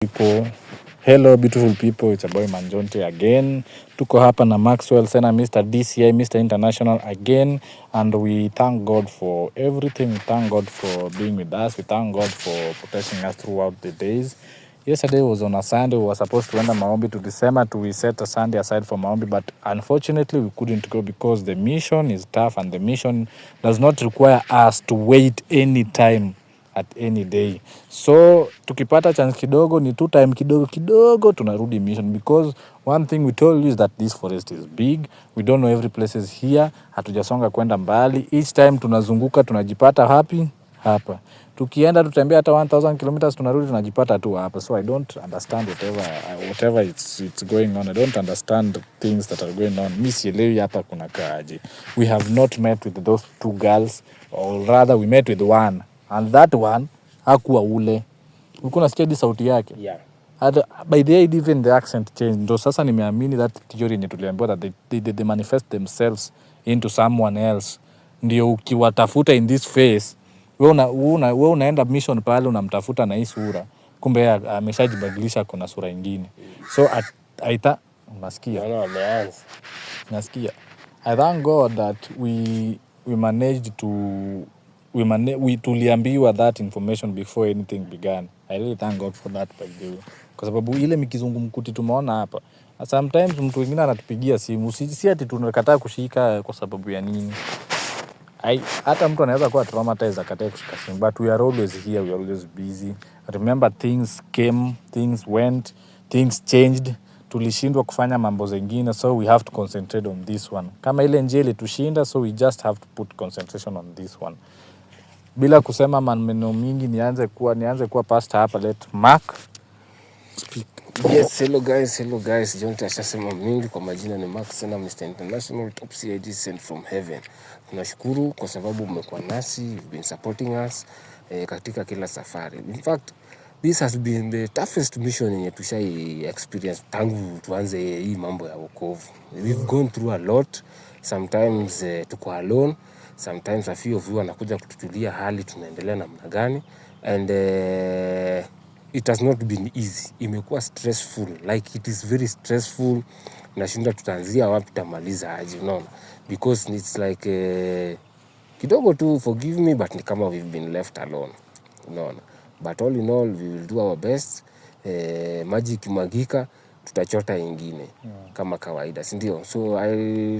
People. Hello beautiful people, it's a boy Manjonte again. Tuko hapa na Maxwell Sena, Mr. DCI, Mr. International again and we thank God for everything. We thank God for being with us. We thank God for protecting us throughout the days. Yesterday was on a Sunday. We were supposed to enda maombi to December to we set a Sunday aside for maombi but unfortunately we couldn't go because the mission is tough and the mission does not require us to wait any time at any day so tukipata chance kidogo ni two time kidogo kidogo tunarudi mission because one thing we told you is that this forest is big we don't know every places here hatujasonga kwenda mbali each time tunazunguka tunajipata hapi hapa tukienda tutembea hata 1000 kilometers tunarudi tunajipata tu hapa so i don't understand whatever whatever it's, it's going on i don't understand things that are going on miss sielewi hapa kuna kaji we have not met with those two girls or rather we met with one and that one hakuwa ule ulikuwa unasikia hadi sauti yake yeah. At, by the way, even the accent change ndo sasa nimeamini that theory yenye tuliambiwa that they, they, they, they manifest themselves into someone else, ndio ukiwatafuta in this face we, una, una, we unaenda mission pale unamtafuta na hii sura, kumbe ameshajibadilisha kuna sura ingine, so at, aita nasikia no, no, nasikia I thank God that we, we managed to we mane, we tuliambiwa that information before anything began. I really thank God for that by the way. Kwa sababu ile mikizungu mkuti tumeona hapa. Sometimes mtu wengine anatupigia simu, si, si ati tunakataa kushika kwa sababu ya nini. I, hata mtu anaweza kuwa traumatized akatae kushika simu, but we are always here, we are always busy. Remember things came, things went, things changed. Tulishindwa kufanya mambo zengine, so we have to concentrate on this one. Kama ile njia ilitushinda, so we just have to put concentration on this one bila kusema maneno mingi, nianze kuwa nianze kuwa pasta hapa. Let Mark speak. Yes, hello guys, hello guys. John tashasema mingi kwa majina ni Mark Sena, Mr. International Top CID sent from heaven. Tunashukuru kwa sababu mmekuwa nasi, you've been supporting us eh, katika kila safari. In fact, this has been the toughest mission yenye tushai experience tangu tuanze hii mambo ya wokovu. We've gone through a lot. Sometimes eh, tuko alone sometimes a few of you wanakuja kututulia hali tunaendelea namna gani, and uh, it has not been easy, imekuwa stressful like it is very stressful. Nashinda tutaanzia wapi, tutamaliza aje? Unaona, because it's like uh, kidogo tu, forgive me but ni kama we've been left alone, unaona, but all in all we will do our best. Uh, eh, maji ikimwagika tutachota ingine yeah. kama kawaida, si ndio? So I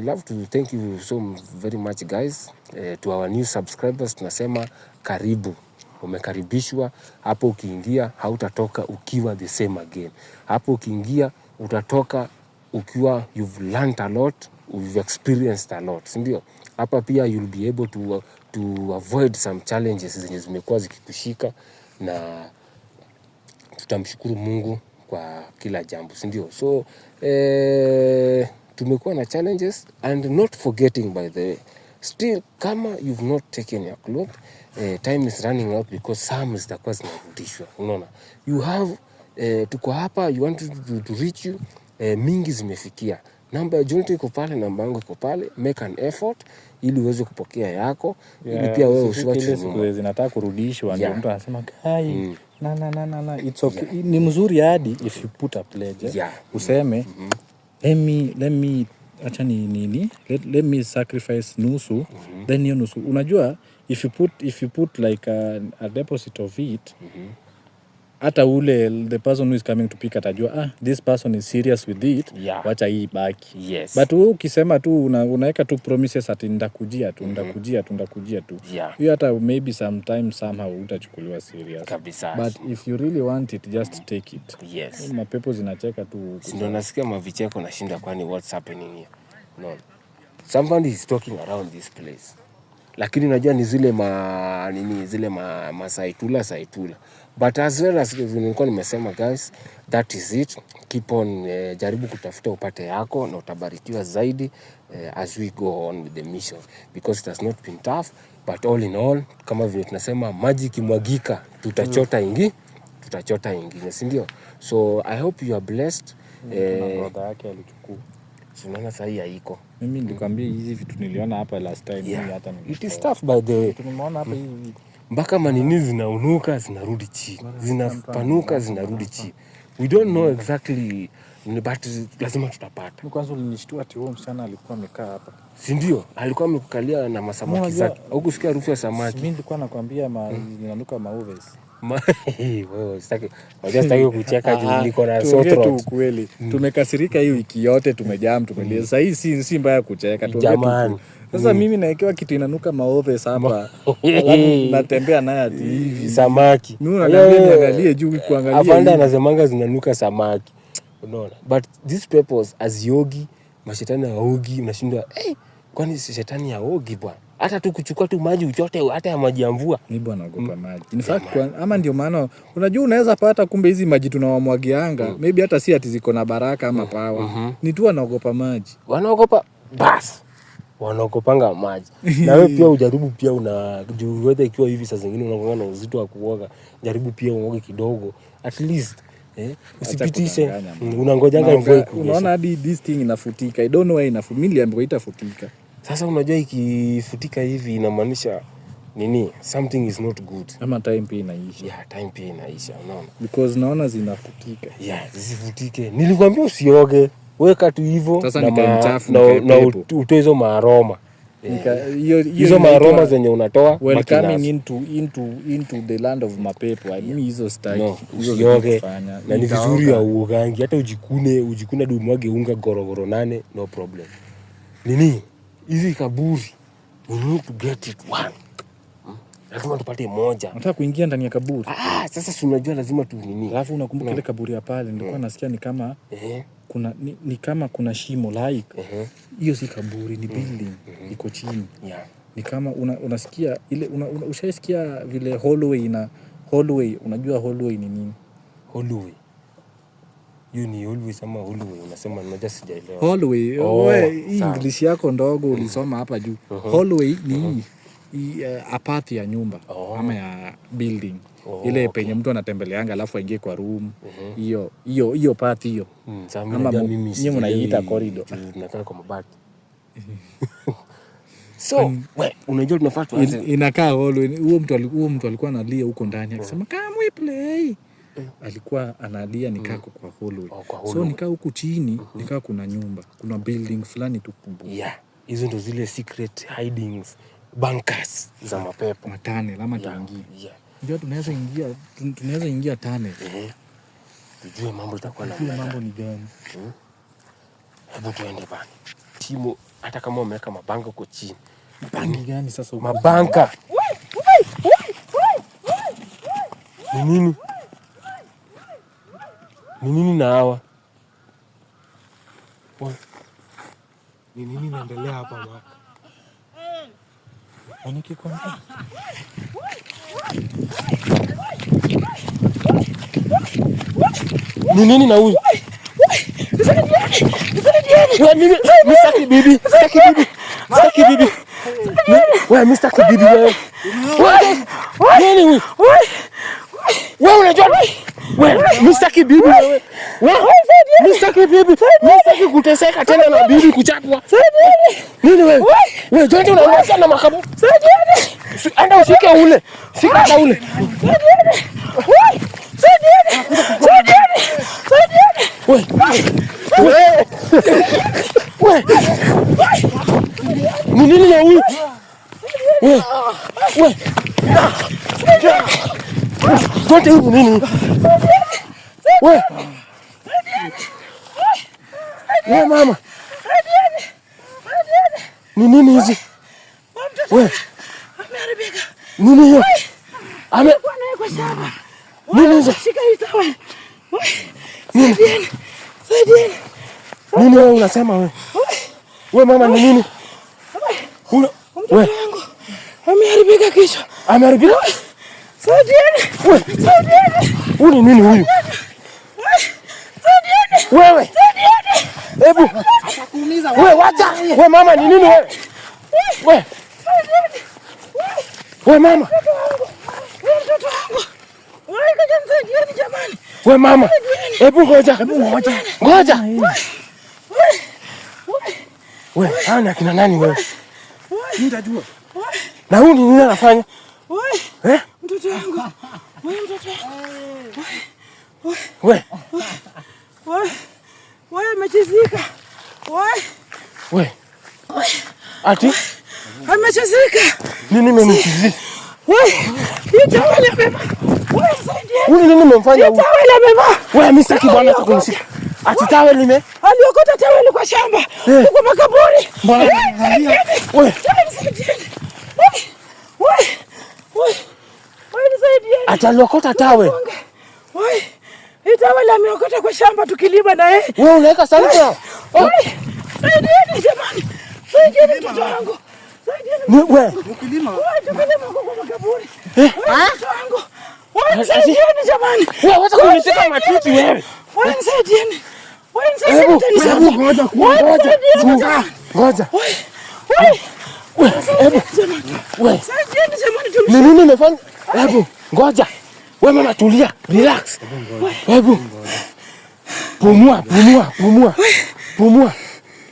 love to thank you so very much guys. Eh, to our new subscribers tunasema karibu, umekaribishwa hapo. Ukiingia hautatoka ukiwa the same again. Hapo ukiingia utatoka ukiwa you've learned a lot, you've experienced a lot, si ndio? Hapa pia you'll be able to, uh, to avoid some challenges zenye zimekuwa zikikushika, na tutamshukuru Mungu kwa kila jambo, si ndio? So eh, tumekuwa na challenges and not forgetting by the way still, kama you've not taken your cloth eh, time is running out because some zitakuwa zinarudishwa. Unaona, you have eh, tuko hapa, you want to, to, to reach you eh, mingi zimefikia namba ya Junity iko pale, namba yangu iko pale. Make an effort ili uweze kupokea yako, yeah, ili pia wewe usiwache nyuma. Zinataka kurudishwa, yeah. ndio mtu anasema kai mm. na na na na na. it's okay yeah. Ni mzuri hadi if you put a pledge eh? yeah. Useme mm -hmm. let me let me acha ni nini let, let me sacrifice nusu mm -hmm. then hiyo nusu unajua if you put if you put like a, a deposit of it mm -hmm hata ule the person who is coming to pick atajua ah, this person is serious with it yeah. Wacha hii baki yes. But wewe ukisema tu una, unaweka tu promises ati ndakujia tu mhm. ndakujia tu ndakujia tu hiyo yeah. hata maybe sometime somehow utachukuliwa serious kabisa, but if you really want it just mm -hmm. take it yes. Mapepo zinacheka tu, ndio nasikia mavicheko nashinda, kwani what's happening here no. Somebody is talking around this place lakini najua ni zile ma nini zile ma masaitula saitula. But as well as nilikuwa nimesema guys, that is it. Keep on eh, jaribu kutafuta upate yako na utabarikiwa zaidi eh, as we go on with the mission. Because it has not been tough, but all in all, kama vile tunasema maji kimwagika tutachota mm. ingi, tutachota ingine, si ndio? So I hope you are blessed. Mm, na eh, brother yake alichukua. Unaona sahii haiko. Mimi nilikwambia hizi vitu niliona hapa last time yeah. Hata it is tough by the way. Tumeona hapa hivi mpaka manini zinaunuka zinarudi chini, zinapanuka zinarudi chini. We don't know exactly but lazima tutapata. Kwanza ulinishtua ati huyo msichana alikuwa amekaa hapa, si ndio? Alikuwa amekukalia na masamaki zake, au kusikia harufu ya samaki. Mimi nilikuwa nakwambia mm. inanuka mauves kweli. Mm. Tumekasirika hii wiki yote, tumejam tumelia. Mm. Sasa hii si si mbaya kucheka Sasa mm. mimi naekewa kitu inanuka maove hapa, natembea naye ati hivi samaki. niangalie juu kuangalia. anasemanga zinanuka samaki. Unaona? But this peoples aziogi mashetani aogi unashindwa, eh, kwani shetani aogi bwana? hata tu kuchukua tu maji uchote, hata ya maji ya mvua. Nibu anaogopa mm. maji in fact, kwa, ama ndio maana unajua unaweza pata kumbe hizi maji tunawamwagianga mm. maybe hata si ati ziko na baraka ama mm. pawa mm -hmm. ni tu wanaogopa maji, wanaogopa basi Wanaogopanga maji na wewe pia ujaribu pia una juu ikiwa hivi saa zingine unakuwa na uzito wa kuoga, jaribu pia uoge kidogo at least eh, usipitishe. Unangojanga mvua. Unaona hadi this thing inafutika, I don't know why inafutika. Mimi niliambiwa itafutika sasa unajua ikifutika hivi inamaanisha nini? Something is not good. Ama time pia inaisha. Yeah, time pia inaisha, unaona? Because naona zinafutika. Yeah, zisifutike. Nilikwambia usioge. Weka tu hivyo Sasa ni na, nikamchafu na, na utoe hizo maaroma. Eh, hizo maaroma zenye unatoa well, into, into, into the land of mapepo. I mean, hizo staki. No, usioge. Na ni vizuri ya uogangi. Hata ujikune, ujikune hadi umwage unga gorogoro nane, no problem. Nini? hizi kaburi we need to get it one. Hmm? Lazima tupate moja. Nataka kuingia ndani ya kaburi. Ah, ah, sasa si unajua lazima tu nini. Alafu unakumbuka hmm. ile kaburi ya pale nilikuwa hmm. nasikia ni kama kuna ni, ni kama kuna shimo like. Hiyo si kaburi, ni building iko chini. Yeah. Ni kama una, unasikia ile una, una, ushaisikia vile hallway na hallway, unajua hallway ni nini? Hallway. You ni always ama hallway unasema nimeja sijaelewa. Hallway. Oh, oh, we, English yako ndogo ulisoma hapa juu. Hallway uh-huh. ni uh uh-huh. -huh. I, uh, eh, apart ya nyumba oh. ama ya building oh, ile okay. penye mtu anatembeleanga alafu aingie kwa room uh-huh. hiyo hiyo hiyo part hiyo. Hmm, ama mimi mnaiita corridor. Tunakaa kwa mabati. So, um, we, unajua tunafaa Inakaa hallway. Huo mtu alikuwa analia huko ndani akisema, "Come we play." eh. alikuwa analia nikaa mm. kwa hallway. Oh, hallway. So nikaa huku chini mm -hmm. nikaa kuna nyumba kuna building fulani tukumbuka. Yeah. Hizo ndo zile secret hidings bankers za mapepo matane lama tuingie. Yeah. Ndio tunaweza ingia tunaweza ingia tane. Eh. Tujue mambo itakuwa namna mambo ni gani. Hmm? Hebu tuende bana. timu hata kama umeweka mabanga huko chini. mabanga gani sasa? Mabanka. Ni nini? ni nini na hawa ni nini naendelea hapa maka? ni nini na huyu bibi, wewe mistaki nini wewe msitaki bibi wewe. Wewe msitaki bibi. Msitaki kuteseka tena na bibi kuchapwa. Nini wewe? Wewe jote unaongea sana makabu. Saidieni. Anda ushike ule. Shika na ule. Ni nini na huyu? Wewe. Wewe. Jote huyu nini? nini hizi? Wewe. Ameharibika. Nini hiyo? Ame Nini hizo? Shika hii sawa. Saidieni. Saidieni. Nini wewe unasema wewe? Wewe mama ni nini? Una wewe. Ameharibika kichwa. Ameharibika? Saidieni. Wewe. Saidieni. Uni nini huyu? Saidieni. Wewe. Saidieni. Hebu. Atakuumiza wewe. Wewe wacha. Wewe mama ni nini wewe? We. We mama. We mama. Hebu ngoja. Hebu ngoja. Ngoja. We, hao ni akina nani wewe? Nitajua. Na huyu ni nini anafanya? Eh? Mtoto wangu. Wewe mtoto wangu. We. We. We amechizika. We. We. Ati? We amechezeka. Nini mmemchezeka? nini mmemfanya huyu? mema. Wewe mimi sitaki bwana hata kunishika. Ati tawe lime. Aliokota tawe kwa shamba. Eh. Huko makaburi. Bwana Wewe. Wewe. Wewe. tawe. Hii tawe la miokota kwa shamba tukilima na yeye. Wewe unaweka sana. Wewe. Saidieni jamani. Saidieni mtoto wangu. Ni nini nimefanya? Hebu ngoja. we mama tulia, relax. Hebu pumua, pumua, pumua. Pumua.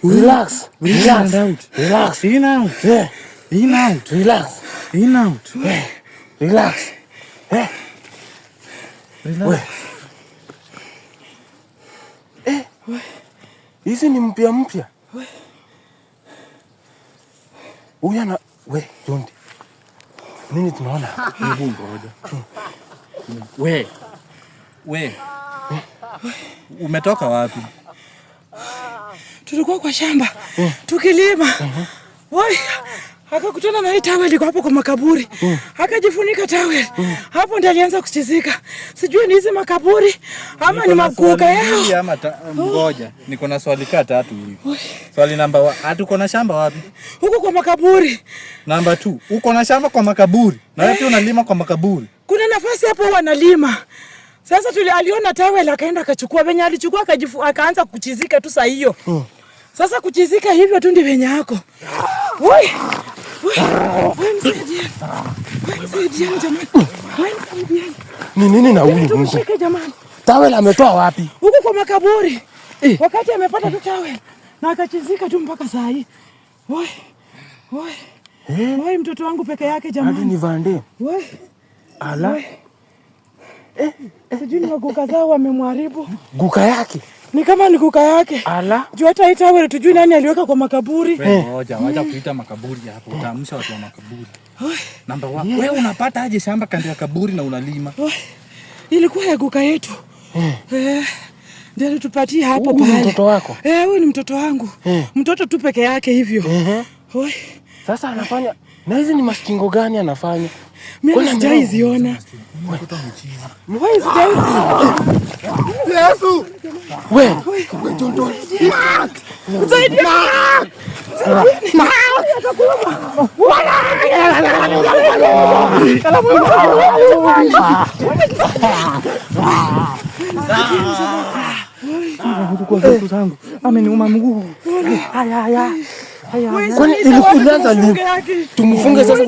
Relax. Relax. Relax. In out. Yeah. In out. Relax. In out. Yeah. Relax. Yeah. Relax. Eh. Hizi ni mpya mpya. Huyu ana we Jondi. Nini tunaona? Hebu ngoja. We. We. Eh. Umetoka wapi? tulikuwa kwa shamba oh. tukilima uh -huh. akakutana na hii taweli iko hapo kwa makaburi oh. akajifunika taweli oh. hapo ndiye alianza kuchizika. Sijui ni hizi makaburi ama ni makuka yao ama oh. ngoja oh. niko na swali kaa tatu hivi swali namba wa, hatuko na shamba wapi? Huko kwa makaburi. Namba tu, uko na shamba kwa makaburi na wewe pia eh. unalima kwa makaburi. Kuna nafasi hapo wanalima sasa tuli, aliona taweli akaenda akachukua venye alichukua akaanza kuchizika tu saa hiyo oh. Sasa kuchizika hivyo tu ndi venye yako. Ni nini na huyu Mungu? Tawel ametoa wapi? Huko kwa makaburi. Eh. Wakati amepata tu tawel na akachizika tu mpaka saa hii. Woi. Woi. Eh? Woi mtoto wangu peke yake jamani. Hadi nivande. Woi. Ala. Eh, eh, sijui ni eh. guka zao wamemharibu. Guka yake ni kama ni kuka yake. Ala. Juu hata itawe tujui nani aliweka kwa makaburi. Wewe eh. ngoja, wacha kuita makaburi hapo. Utaamsha watu wa makaburi. Namba wako. Wewe unapata aje shamba kando ya kaburi na unalima? Ilikuwa ya kuka yetu. Eh. eh. Ndio alitupatia hapo pale. Huyu mtoto wako? Eh, huyu ni mtoto wangu. Eh. Mtoto tu peke yake hivyo. Uh -huh. Sasa anafanya na hizi ni maskingo gani anafanya? Mimi sijai ziona. Zangu ameniuma mguu. Haya haya. Ilianza Tumfunge sasa.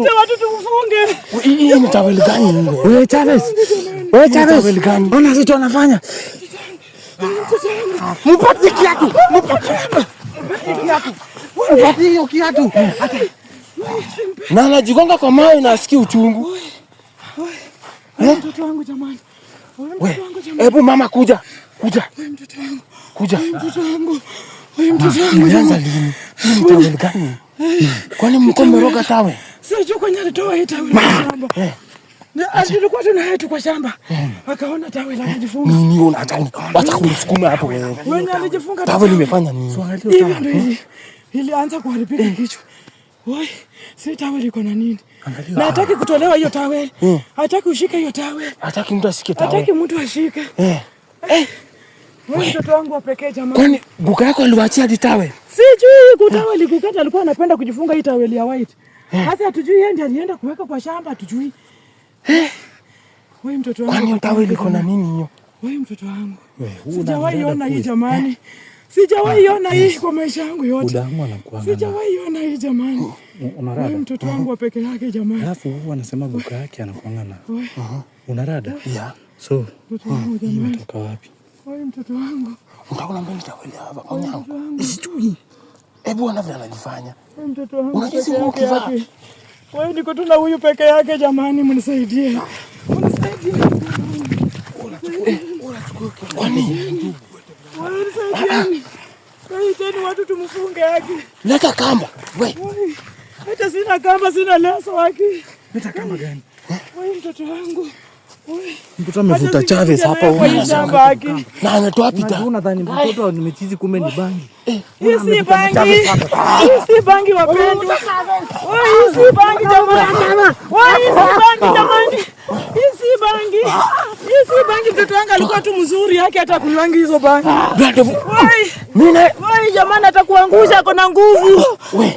Hii ni gani? Wewe Chavez. Wewe Chavez. sisi tunafanya? Mpati kiatu. Mpati kiatu. Na anajigonga kwa mawe na uchungu. Mtoto wangu jamani. Hebu mama kuja. Kuja. Kuja. Mtoto wangu. Ah, Kwani mko mmeroga tawe? Sijui kwenye alitoa hii tawe la shamba. Eh. Alikuwa tuna yetu kwa shamba. Eh. Akaona tawe la eh. kujifunga. Nini unataka? Wacha kumsukuma hapo wewe. Wewe alijifunga tawe limefanya nini? Sio tawe. Ili anza kuharibika kichwa. Woi, si tawe liko na nini? Angalia. Na hataki kutolewa hiyo tawe. Hataki ushike hiyo tawe. Hataki mtu ashike tawe. Hataki mtu ashike. Eh. Eh mtoto wangu wa pekee jamani. Kwani guka yako aliwaachia litawe? Sijui kutawe likukata, alikuwa anapenda kujifunga hii ya white. Eh. Sasa hatujui yeye ndiye alienda kuweka kwa shamba, hatujui. Eh. Wewe mtoto wangu. Kwani liko na nini hiyo? Wewe mtoto wangu. Sijawahi ona hii jamani. Eh. Sijawahi ah, ona hii kwa maisha yangu yote. Udamu anakuanga. Sijawahi ona hii jamani. Oh, oh, Unarada. Wewe mtoto wangu wa pekee yake jamani. Alafu huwa anasema guka yake anakuanga na. Unarada? Yeah. So, ah, wapi? mtoto wangu utaona mbele tawele hapa kwa nyangu. Sijui. Hebu ana vile anajifanya. Mtoto wangu. Unajua si ukivaa. Kwa niko tu na huyu peke yake jamani, mnisaidie. Mnisaidie. Kwani? Mnisaidieni. Kaiteni watu tumfunge haki. Leta kamba. We. Hata sina kamba, sina leso haki. Leta kamba gani? Wewe mtoto wangu. Mtoto amevuta Chavez hapa na anatoa pita. Unadhani mtoto nimechizi, kumbe ni bangi. Eh. bangi, ah. bangi bangi jamani, bangi jamani, bangi, ah. ah. bangi. Mtoto wangu alikuwa tu mzuri yake, hata kulangi hizo bangi. Wai jamani, atakuangusha. Ako na nguvu,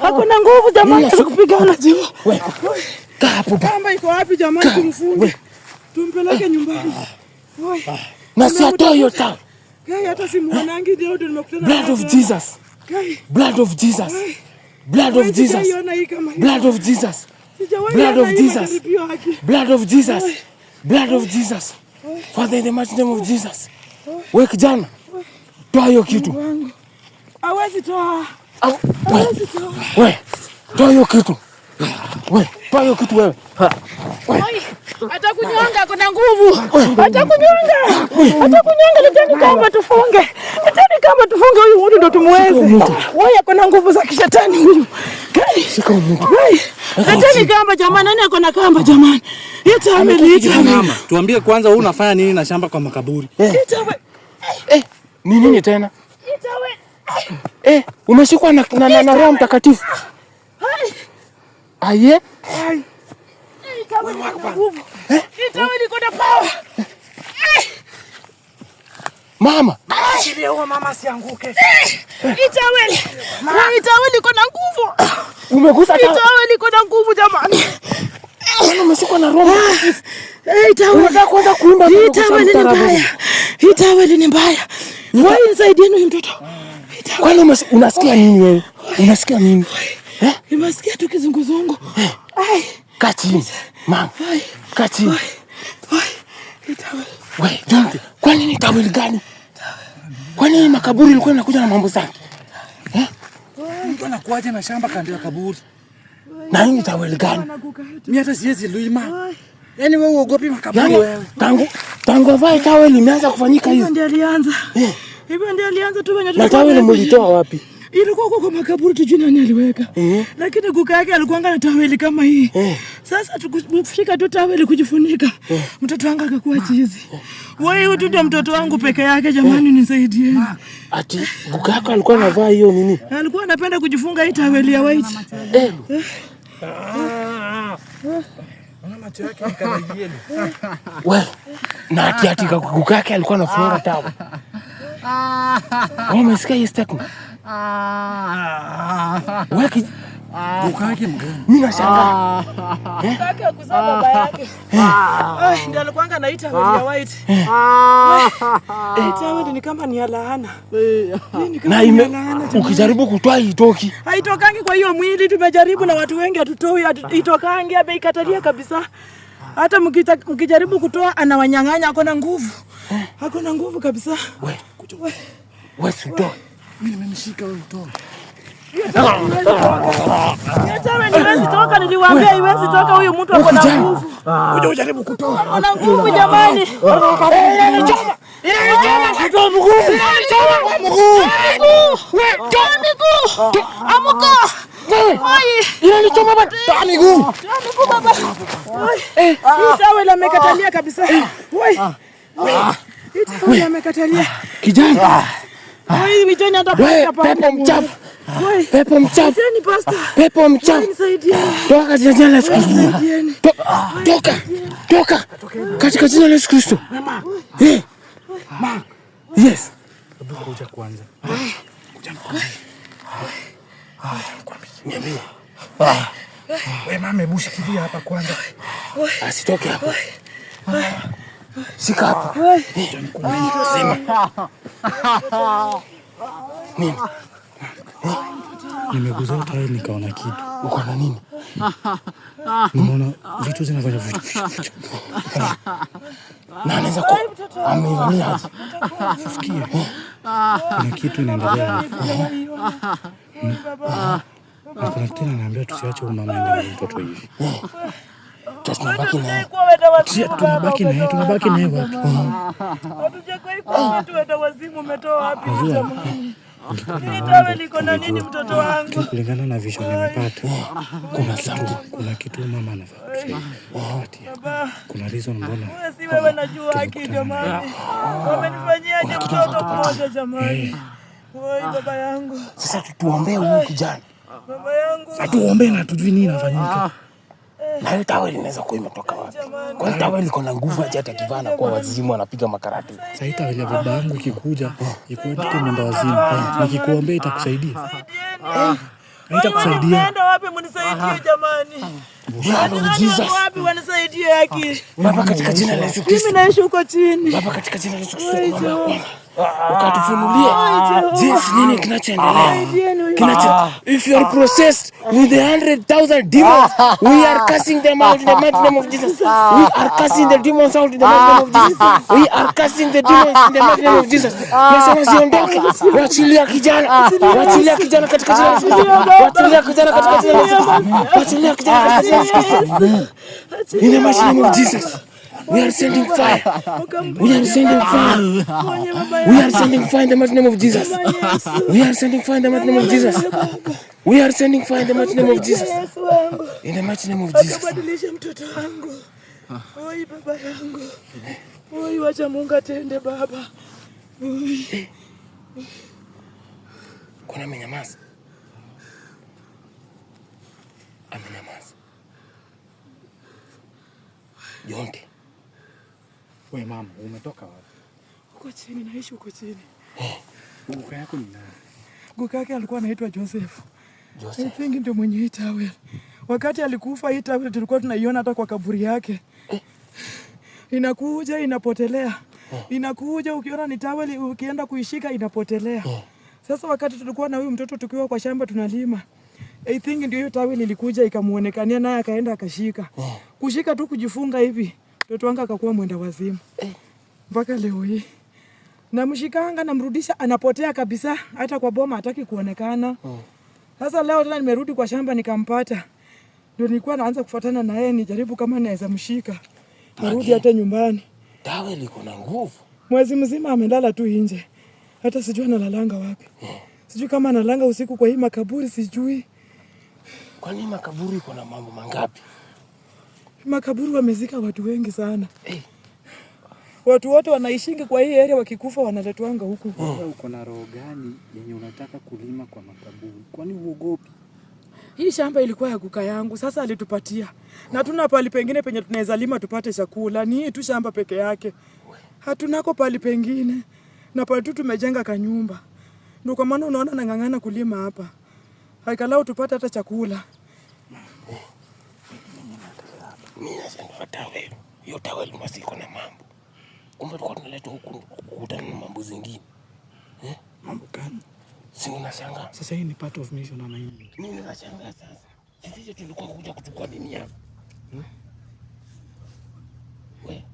ako na nguvu jamani, atakupigana jiwe. Kamba iko wapi jamani, kumfunga tumpeleke nyumbani. Ah, ah. Na si atoe hiyo tao. Gai, Hata si mwanangi leo ndio nimekutana. Blood of Jesus. Gai. Blood of Jesus. Blood of Jesus. Blood of Jesus. Blood of Jesus. Blood of Jesus. Blood of Jesus. Father in the mighty name of Jesus. Wewe kijana. Toa hiyo kitu. Hawezi toa. Hawezi toa. Wewe. Toa hiyo kitu. Wewe kitu wewe. Atakunyonga kuna nguvu. Atakunyonga. Atakunyonga leteni kamba tufunge. tufunge huyu mtu ndo tumweze. Wewe kuna nguvu za kishetani huyu. Shika kamba jamani, nani kamba jamani? Ita Tuambie kwanza wewe unafanya nini na shamba kwa makaburi? Ita wewe. Eh. eh, ni nini tena? Ita wewe. Eh, umeshikwa na na Roho Mtakatifu. Aye. Eh? Eh. Mama, achilie huyo mama asianguke. Eh. Itaweli. Itaweli iko na nguvu. Umegusa taweli. Itaweli iko na nguvu jamani. Umeshikwa na roho. Ah. Itaweli ni mbaya. Itaweli ni mbaya. Wai nisaidie huyu mtoto. Kwani unasikia nini wewe? Unasikia nini? eh? Nimesikia tu kizunguzungu eh. Ai, kati mama, kati wewe, Jonte, kwa nini tawili gani? Kwa nini makaburi ilikuwa inakuja na mambo zake eh? Mtu anakuaje na shamba kando ya kaburi na nini tawili gani? Mimi hata siwezi luima. Yaani wewe uogopi makaburi yaani, wewe? Tangu tangu avae tawili imeanza kufanyika hizi. Ndio alianza. Eh. Hivyo ndio alianza tu wenye tu. Na tawili mlitoa wapi? ilikuwa kwa makaburi, tujui nani aliweka uh eh? -huh. Lakini kuka yake alikuwa na taweli kama hii uh eh? -huh. Sasa tukushika tu taweli kujifunika uh eh? -huh. Mtoto wangu akakuwa chizi uh -huh. Wewe huyu ndio mtoto wangu peke yake, jamani uh -huh. Nisaidieni. Ati kuka yako alikuwa anavaa hiyo nini? Alikuwa anapenda kujifunga hii taweli ya white Well, na ati ati kukake alikuwa anafunga tawa. Umesikia hii statement? Ah. Ah. Mimi nashangaa. Ah. Eh? Kaka kuzaa baba yake. Ndio alikuanga anaita Hoja White. Eh, Itawe ni kama ni laana. Eh. Na ime ukijaribu kutoa itoki. Haitokangi kwa hiyo mwili tumejaribu na watu wengi hatutoi itokangi ameikatalia kabisa. Hata mkijaribu kutoa anawanyang'anya, akona nguvu. Eh. Akona nguvu kabisa. Wewe. Wewe sitoe. Mimi nimemshika wewe utoa. toka, niliwaambia iwezi toka. Huyu mtu ako na nguvu. ujaribu kutoa. Ana nguvu jamani. kabisa. Kijana. Ah. Pepo mchafu, pepo mchafu, pepo mchafu, toka katika jina la Yesu Kristo, toka, toka katika jina la Yesu Kristo. Yes, mama, hebu shikilia hapa kwanza, asitoke hapo hapa. Sikata. Nini? Nimeguza utawe nikaona kitu. Uko na nini? Nimeona vitu zinafanya vitu. Na anaweza kwa ameivalia aje? Sikia. Kuna kitu inaendelea. Na kuna kitu ananiambia tusiache umama na mtoto hivi. Eh sasa tunabaki naye, tunabaki naye, tunabaki naye ah. wapi? Kulingana eh, eh, na eh, visho nimepata, kuna sababu, kuna kitu mama anafaa kutupatia, oh, kuna reason. Mbona si wewe? Najua haki jamani, ah. wamenifanyiaje mtoto mmoja jamani? Baba yangu, sasa tutuombee huyu kijana, baba yangu, atuombee na tujui nini inafanyika. Ah. Na hiyo taweli inaweza kuwa imetoka wapi? Kwa hiyo taweli iko na nguvu aje hata kivana kwa wazimu anapiga makarati. Sasa hii taweli ya baba yangu ikikuja, ikuende kwa mwenda wazimu. Nikikuombea itakusaidia. Ah. Itakusaidia. Mwenda wapi mnisaidie jamani? Ah. Bwana Jesus. Wapi wanisaidie haki? Baba katika jina la Yesu Kristo. Mimi naishi huko chini. Baba katika jina la Yesu Kristo ukatufunulie ah, ah, jinsi nini kinachoendelea. Ah, if you are processed with the hundred thousand demons, we are casting them out in the mighty name of Jesus. We are casting the demons out in the mighty name of Jesus. We are casting the demons in the mighty name of Jesus. Nasema ziondoke wachilia kijana, wachilia kijana katika jina la Yesu. Wachilia kijana katika jina la Yesu. Wachilia kijana katika jina la Yesu. In the mighty name of Jesus. We are sending fire. We are sending fire. We are sending fire in the mighty name of Jesus. We are sending fire in the mighty name of Jesus. We are sending fire in the mighty name of Jesus. In the mighty name of Jesus. Akabadilisha mtoto wangu. Oi baba yangu. Oi wacha Mungu atende baba. Kuna amenyamaza. Amenyamaza. Jonte. We mama, umetoka wapi? Huko chini, naishi huko chini. Eh. Guka yako ni nani? Guka yake alikuwa anaitwa Joseph. Joseph. I think ndio mwenye hii tawel. Wakati alikufa hii tawel tulikuwa tunaiona hata kwa kaburi yake. Eh. Inakuja inapotelea. Eh. Inakuja ukiona ni tawel ukienda kuishika inapotelea. Eh. Sasa wakati tulikuwa na huyu mtoto tukiwa kwa shamba tunalima. I think ndio hiyo tawel ilikuja ikamuonekania naye akaenda akashika. Eh. Kushika tu kujifunga hivi. Eh mtoto wangu akakuwa mwenda wazimu eh. mpaka leo hii namshikanga namrudisha, anapotea kabisa, hata kwa boma hataki kuonekana. Oh. Sasa Leo tena nimerudi kwa shamba nikampata, ndio nilikuwa naanza kufuatana na yeye nijaribu kama naweza mshika narudi hata nyumbani. Dawe liko na nguvu, mwezi mzima amelala tu nje, hata sijui analalanga wapi oh. Sijui kama analanga usiku kwa hii makaburi, sijui kwa nini makaburi iko na mambo mangapi makaburu wamezika watu wengi sana hey. Eh. Watu wote wanaishingi kwa hii area wakikufa wanatatuanga huku. Uko na roho gani yenye unataka kulima kwa makaburi? Kwani uogopi? Hii shamba ilikuwa ya kuka yangu, sasa alitupatia Na tuna pali pengine penye tunaweza lima tupate chakula, ni hii tu shamba peke yake, hatunako pali pengine, na pali tu tumejenga kanyumba, ndio kwa maana unaona nang'ang'ana kulima hapa, haikalau tupate hata chakula mimi nashangaa tawel, hiyo tawel masiko na mambo. Kumbe tulikuwa tunaleta huku kukutana na mambo zingine eh? Mambo gani? Si unashangaa sasa? Hii ni part of mission na mimi mimi nashangaa sasa, sisi tulikuwa kuja kuchukua dini yako hmm? we